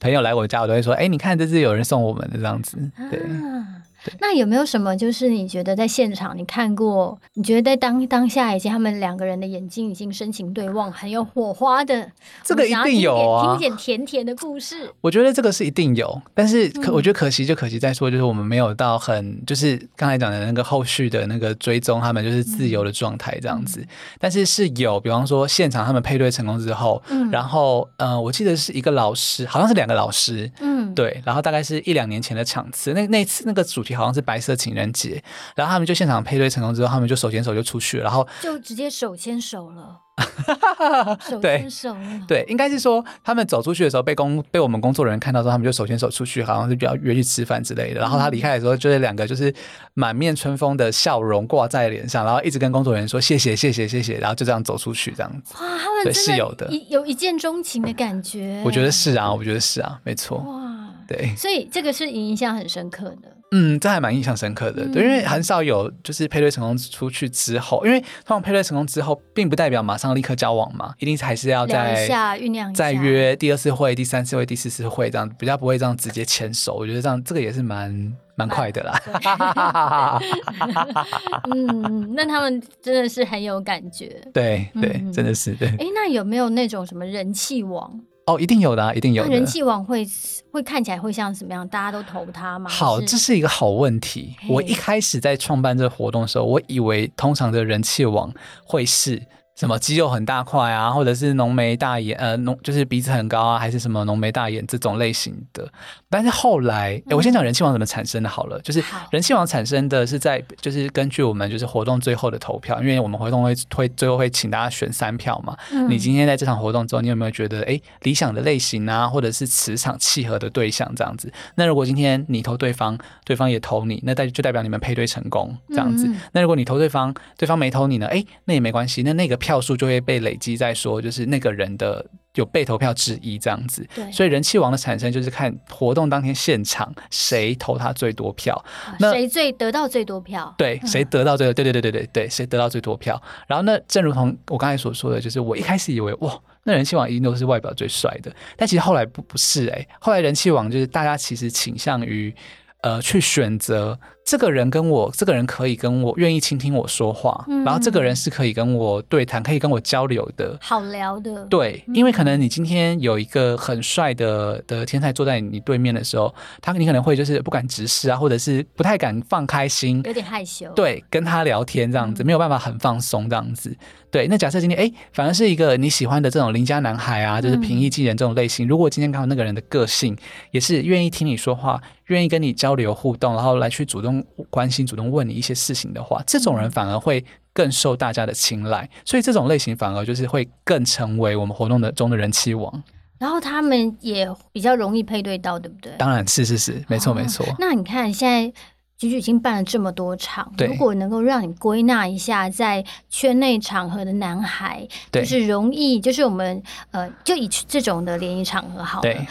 朋友來我家，我都會說，哎，你看這是有人送我們的這樣子，對。啊對。那有沒有什麼，就是你覺得在現場你看過，你覺得在當當下，已經他們兩個人的眼睛已經深情對望，很有火花的。這個一定有啊，我想要聽一點，聽一點甜甜的故事。我覺得這個是一定有，但是可我覺得可惜就可惜在說，就是我們沒有到很、嗯、就是剛才講的那個後續的那個追蹤，他們就是自由的狀態這樣子。嗯、但是是有，比方說現場他們配對成功之後，嗯、然後、呃、我記得是一個老師，好像是兩個老師，嗯，對，然後大概是一兩年前的場次，那那次那個主題。好像是白色情人節，然後他們就現場配對成功之後，他們就手牽手就出去然後就直接手牽手了。 手牽手。對。對，應該是說他們走出去的時候被工被我們工作人員看到之後，他們就手牽手出去，好像是要約去吃飯之類的。然後他離開的時候，就是兩個就是滿面春風的笑容掛在臉上，嗯、然後一直跟工作人員說謝謝謝謝謝謝，然後就這樣走出去這樣子。哇，他們是有的，有有一見鍾情的感覺。我覺得是啊，我覺得是啊，沒錯。哇。對所以這個是印象很深刻的，嗯，這還蠻印象深刻的。嗯、對，因為很少有就是配對成功出去之後，因為通常配對成功之後，並不代表馬上立刻交往嘛，一定還是要再醞釀、再約第二次會、第三次會、第四次會這樣，比較不會這樣直接牽手。我覺得這樣這個也是蠻蠻快的啦。 嗯，那他們真的是很有感覺。對對，真的是對。哎、欸，那有沒有那種什麼人氣王？哦，一定有的，啊，一定有的。那人氣王會會看起來會像什麼樣？大家都投他嗎？好，是這是一個好問題。嘿我一開始在創辦這個活動的時候，我以為通常的人氣王會是。什麼肌肉很大塊啊，或者是濃眉大眼，呃，濃就是鼻子很高啊，還是什麼濃眉大眼這種類型的？但是後來，哎、欸，我先講人氣王怎麼產生的好了。嗯、就是人氣王產生的是在，就是根據我們就是活動最後的投票，因為我們活動會會最後會請大家選三票嘛。嗯、你今天在這場活動之後，你有沒有覺得，哎、欸，理想的類型啊，或者是磁場契合的對象這樣子？那如果今天你投對方，對方也投你，那代就代表你們配對成功這樣子。嗯嗯，那如果你投對方，對方沒投你呢？哎、欸，那也沒關係。那那個票。票數就會被累積在說，就是那個人的有被投票之一這樣子。對所以人氣王的產生就是看活動當天現場誰投他最多票。啊，那誰最得到最多票？對，誰、嗯、得到最多……對對對對對對，誰得到最多票？然後那正如同我剛才所說的，就是我一開始以為哇，那人氣王一定都是外表最帥的，但其實後來不不是哎、欸，後來人氣王就是大家其實傾向於呃去選擇。這個人跟我，這個人可以跟我願意傾聽我說話，嗯、然後這個人是可以跟我對談，可以跟我交流的，好聊的。對，嗯、因為可能你今天有一個很帥的的天菜坐在你對面的時候，他你可能會就是不敢直視啊，或者是不太敢放開心，有點害羞。對，跟他聊天這樣子、嗯、沒有辦法很放鬆這樣子。對，那假設今天哎反而是一個你喜歡的這種鄰家男孩啊，就是平易近人這種類型，嗯、如果今天剛好那個人的個性也是願意聽你說話，願意跟你交流互動，然後來去主動。關心主動問你一些事情的話，這種人反而會更受大家的青睞，所以這種類型反而就是會更成為我們活動的中的人氣王。然後他們也比較容易配對到，對不對？當然是是是，沒錯沒錯。哦、那你看，現在菊菊已經辦了這麼多場，對如果能夠讓你歸納一下，在圈內場合的男孩，就是容易，對就是我們呃，就以這種的聯誼場合好，了，對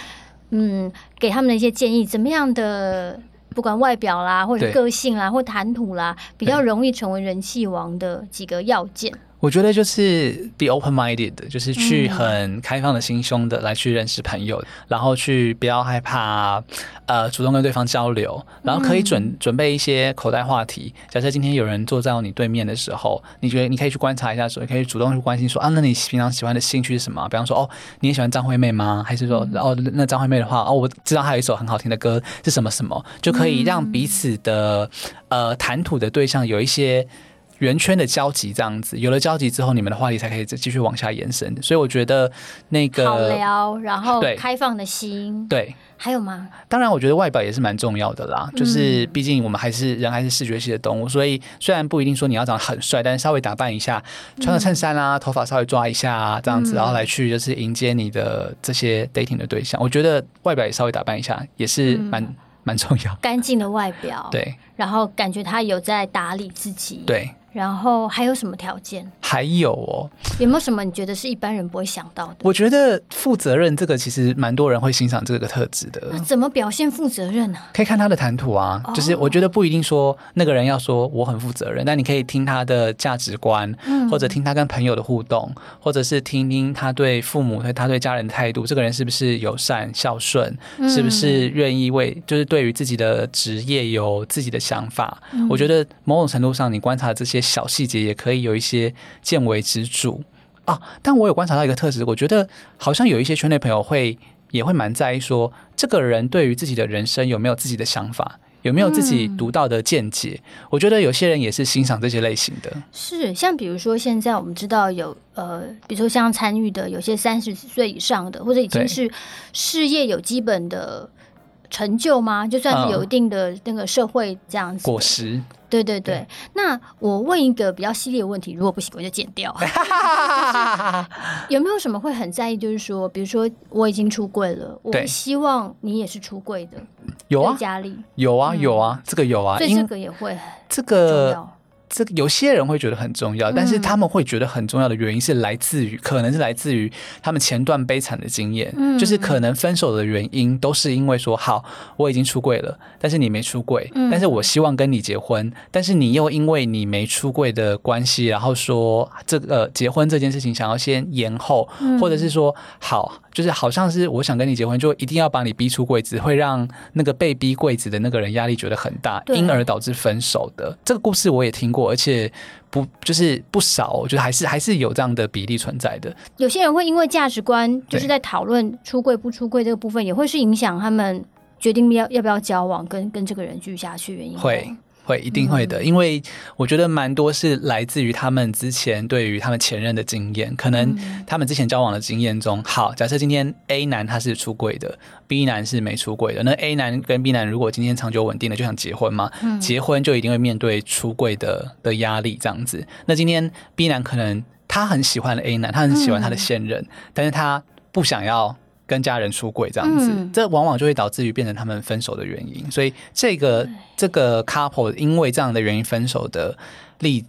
嗯，給他們的一些建議，怎麼樣的？不管外表啦，或者個性啦，對或談吐啦，比較容易成為人氣王的幾個要件。我覺得就是 be open minded，就是去很開放的心胸的來去認識朋友，嗯、然後去不要害怕，呃，主動跟對方交流，然後可以準、嗯、準備一些口袋話題。假設今天有人坐在你對面的時候，你覺得你可以去觀察一下，說可以主動去關心說啊，那你平常喜歡的興趣是什麼？比方說，哦，你也喜歡張惠妹嗎？還是說，哦、嗯，那張惠妹的話，哦，我知道她有一首很好聽的歌是什麼什麼，就可以讓彼此的呃談吐的對象有一些。圓圈的交集，這樣子有了交集之後，你們的話題才可以再繼續往下延伸。所以我覺得那個好聊，然後開放的心，對，對，還有嗎？當然，我覺得外表也是蠻重要的啦。就是畢竟我們還是、嗯、人，還是視覺系的動物，所以雖然不一定說你要長得很帥，但稍微打扮一下，穿個襯衫啊，嗯、頭髮稍微抓一下啊，這樣子，然後來去就是迎接你的這些 dating 的對象。嗯、我覺得外表也稍微打扮一下也是蠻、嗯、蠻重要，乾淨的外表，對，然後感覺他有在打理自己，對。然後還有什麼條件？還有哦，有沒有什麼你覺得是一般人不會想到的？ 我覺得負責任這個其實蠻多人會欣賞這個特質的。那怎麼表現負責任呢、啊？可以看他的談吐啊，就是我覺得不一定說那個人要說我很負責任，哦、但你可以聽他的價值觀，嗯、或者聽他跟朋友的互動，或者是聽聽他對父母、和他對家人的態度，這個人是不是友善、孝順，嗯、是不是願意為，就是對於自己的職業有自己的想法。嗯、我覺得某種程度上，你觀察這些。小細節也可以有一些見微知著啊，但我有觀察到一個特質，我覺得好像有一些圈內朋友會也會蠻在意說，說這個人對於自己的人生有沒有自己的想法，有沒有自己獨到的見解？嗯、我覺得有些人也是欣賞這些類型的，是像比如說現在我們知道有呃，比如說像參與的有些三十歲以上的，或者已經是事業有基本的。成就嗎？就算是有一定的那個社會這樣子果實，對對對。對那我問一個比較犀利的問題，如果不行我就剪掉。 有沒有什麼會很在意？就是說，比如說我已經出櫃了，對我希望你也是出櫃的。有啊，有啊，有啊、嗯，這個有啊，所以這個也會很重要這個。這有些人會覺得很重要，但是他們會覺得很重要的原因是來自於，可能是來自於他們前段悲慘的經驗，就是可能分手的原因都是因為說，好，我已經出櫃了，但是你沒出櫃，但是我希望跟你結婚，但是你又因為你沒出櫃的關係，然後說這個、呃、結婚這件事情想要先延後，或者是說好，就是好像是我想跟你結婚，就一定要把你逼出櫃子，會讓那個被逼櫃子的那個人壓力覺得很大，對因而導致分手的這個故事我也聽過。而且不就是不少，我覺得還是還是有這樣的比例存在的。有些人會因為價值觀，就是在討論出櫃不出櫃這個部分，對也會是影響他們決定要要不要交往跟跟這個人繼續下去原因。會。會一定會的，因為我覺得蠻多是來自於他們之前對於他們前任的經驗，可能他們之前交往的經驗中，好，假設今天 A 男他是出櫃的，B 男是沒出櫃的，那 A 男跟 B 男如果今天長久穩定了，就想結婚嘛，結婚就一定會面對出櫃的的壓力這樣子。那今天 B 男可能他很喜歡 A 男，他很喜歡他的現任，嗯、但是他不想要。跟家人出櫃這樣子，嗯、這往往就會導致於變成他們分手的原因。所以，這個這個 couple 因為這樣的原因分手的例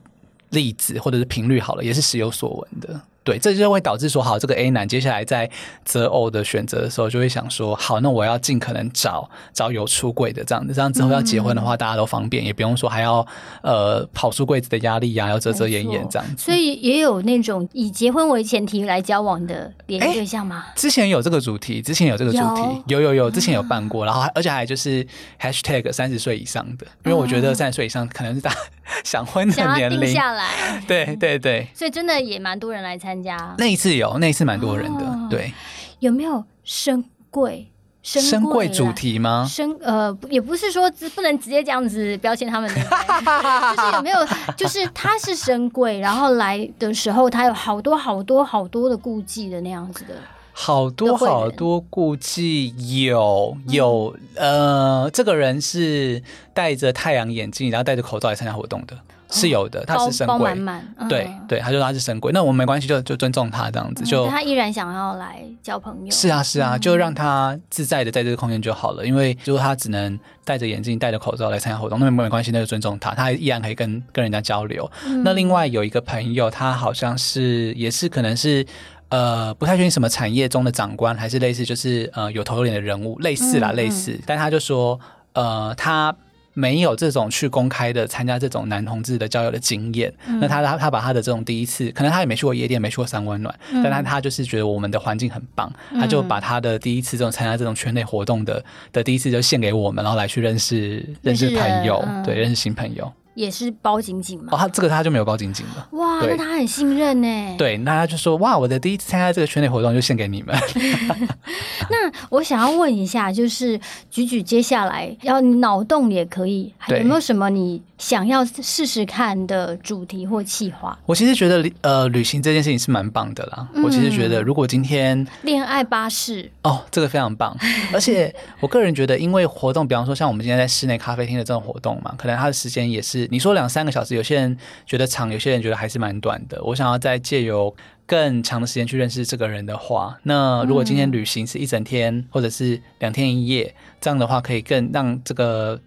例子，或者是頻率好了，也是時有所聞的。對，這就會導致說好，這個 A 男接下來在擇偶的選擇的時候，就會想說，好，那我要盡可能找找有出櫃的這樣子，這樣之後要結婚的話，大家都方便，嗯、也不用說還要呃跑出櫃子的壓力呀、啊，要遮遮掩掩、掩這樣子。所以也有那種以結婚為前提來交往的聯誼對象嗎？欸？之前有這個主題，之前有這個主題，有、哦、有有，之前有辦過，嗯、然後而且還就是 #hashtag 三十歲以上的，因為我覺得三十歲以上可能是大家想婚的年齡，想要定下來，對對對，所以真的也蠻多人來參。參加那一次有，那一次蠻多人的，啊、對。有沒有深櫃深櫃主題嗎？深呃，也不是說不能直接這樣子標籤他們的， 就是有沒有？就是他是深櫃， 然後來的時候他有好多好多好多的顧忌的那樣子的。好多好多顧忌有有、嗯、呃，這個人是戴着太陽眼鏡，然後戴着口罩來參加活動的。是有的，他是深櫃，滿滿對、嗯、對，他就說他是深櫃，那我們沒關係，就就尊重他這樣子，就、嗯、他依然想要來交朋友，是啊是啊，是啊嗯、就讓他自在的在這個空間就好了，因為如果他只能戴着眼鏡、戴着口罩來參加活動，那沒沒關係，那就尊重他，他依然可以跟跟人家交流。嗯、那另外有一個朋友，他好像是也是可能是呃不太確定什麼產業中的長官，還是類似就是呃有頭有臉的人物，類似啦嗯嗯類似，但他就說呃他。沒有這種去公開的參加這種男同志的交友的經驗，嗯、那他他他把他的這種第一次，可能他也沒去過夜店，沒去過三溫暖，嗯、但他他就是覺得我們的環境很棒，嗯、他就把他的第一次這種參加這種圈內活動的的第一次就獻給我們，然後來去認識認識朋友，啊、對，認識新朋友。也是包緊緊嘛。哦，他這個他就沒有包緊緊了。哇，對那他很信任呢。對，那他就說：哇，我的第一次參加這個圈內活動就獻給你們。 那我想要問一下，就是舉舉接下來要你腦洞也可以，還有沒有什麼你想要試試看的主題或企劃，我其實覺得呃，旅行這件事情是蠻棒的啦。嗯、我其實覺得，如果今天戀愛巴士哦，oh, 這個非常棒。 而且我個人覺得，因為活動，比方說像我們今天在，在室內咖啡廳的這種活動嘛，可能他的時間也是你說兩三個小時，有些人覺得長，有些人覺得還是蠻短的。我想要再借由更長的時間去認識這個人的話，那如果今天旅行是一整天，嗯、或者是兩天一夜這樣的話，可以更讓這個。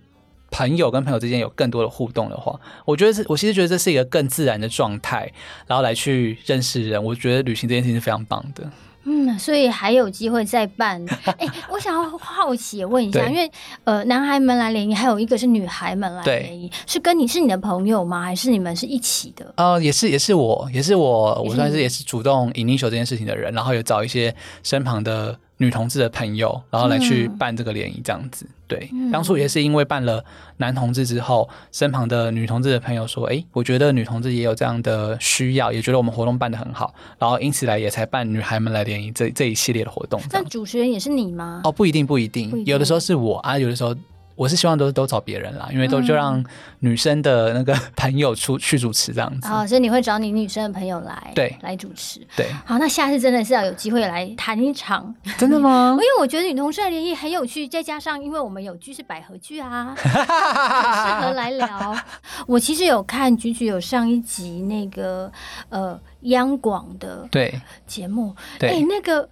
朋友跟朋友之間有更多的互動的話，我覺得是，我其實覺得這是一個更自然的狀態，然後來去認識人。我覺得旅行這件事情是非常棒的。嗯，所以還有機會再辦。哎、 欸，我想要好奇問一下，對因為呃，男孩們來聯誼，還有一個是女孩們來聯誼，對是跟你是你的朋友嗎？還是你們是一起的？呃，也是，也是我，也是我，是我算是也是主動 initiate 這件事情的人，然後有找一些身旁的。女同志的朋友，然後來去辦這個聯誼這樣子，嗯、對，當初也是因為辦了男同志之後，身旁的女同志的朋友說，哎，我覺得女同志也有這樣的需要，也覺得我們活動辦得很好，然後因此來也才辦女孩們來聯誼這這一系列的活動這樣。那主持人也是你嗎？哦，oh, 不一定，不一定，不一定，有的時候是我啊，有的時候。我是希望都都找別人啦，因為都就讓女生的那個朋友出、嗯、去主持這樣子啊，oh, 所以你會找你女生的朋友來對來主持對。好，那下次真的是要有機會來談一場， 真的嗎？因為我覺得女同事聯誼很有趣，再加上因為我們有劇是百合劇啊，適 合來聊。 我其實有看矩矩有上一集那個呃央廣的對節目，哎對、欸，那個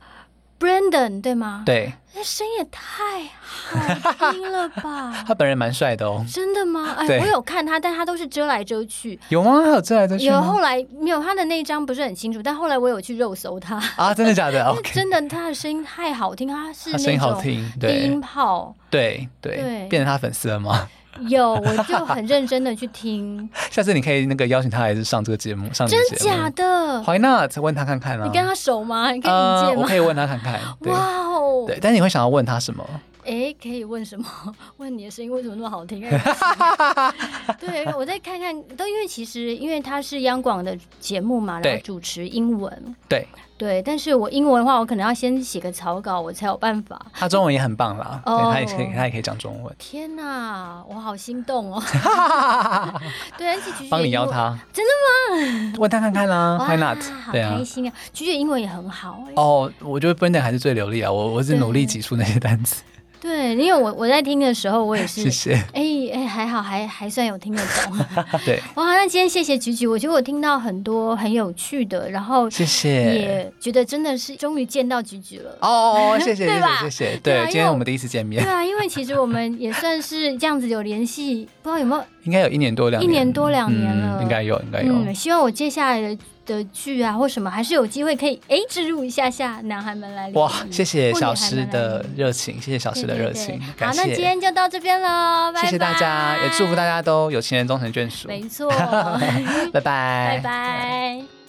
Brandon 對嗎？對。他聲音也太好聽了吧！ 他本人蠻帥的哦。真的嗎？哎，對我有看他，但他都是遮來遮去。有嗎、啊？他有遮來遮去。有，後來沒有，他的那一張不是很清楚，但後來我有去肉搜他。啊，真的假的？ Okay 真的，他的聲音太好聽，他是那種低音炮。對對，對對，變成他粉絲了嗎？有，我就很認真的去聽。 下次你可以那個邀請他，來上這個節目上這個節目？真假的？Why not 才問他看看啊。你跟他熟嗎？你跟你見嗎？呃、我可以問他看看。哇哦！Wow 對，但你會想要問他什麼？哎，可以問什麼？問你的聲音為什麼那麼好聽？對，我再看看。都因為其實，因為他是央廣的節目嘛，然後主持英文。對對，但是我英文的話，我可能要先寫個草稿，我才有辦法。他中文也很棒啦，他也可以，他也可以講中文。天哪，我好心動哦！對，幫你邀他。真的嗎？問他看看啦，why not。好開心啊，矩矩英文也很好。哦，我覺得芬蘭還是最流利啊，我我是努力擠出那些單詞。對，因為我我在聽的時候，我也是，哎哎，還好，還還算有聽得懂。對，哇，那今天謝謝矩矩，我覺得我聽到很多很有趣的，然後謝謝，也覺得真的是終於見到矩矩了。哦，謝謝，謝謝，謝謝。對，今天我們第一次見面。對啊，因為其實我們也算是這樣子有聯繫，不知道有沒有？應該有一年多兩一年多兩年了，應該有，應該有。希望我接下來的。的劇啊，或什麼，還是有機會可以哎植入一下下男孩們來聯哇！謝謝小獅的熱情，謝謝小獅的熱情。好，那今天就到這邊嘍，拜拜，謝謝大家，也祝福大家都有情人終成眷屬。沒錯， 拜拜，拜拜 bye。Bye bye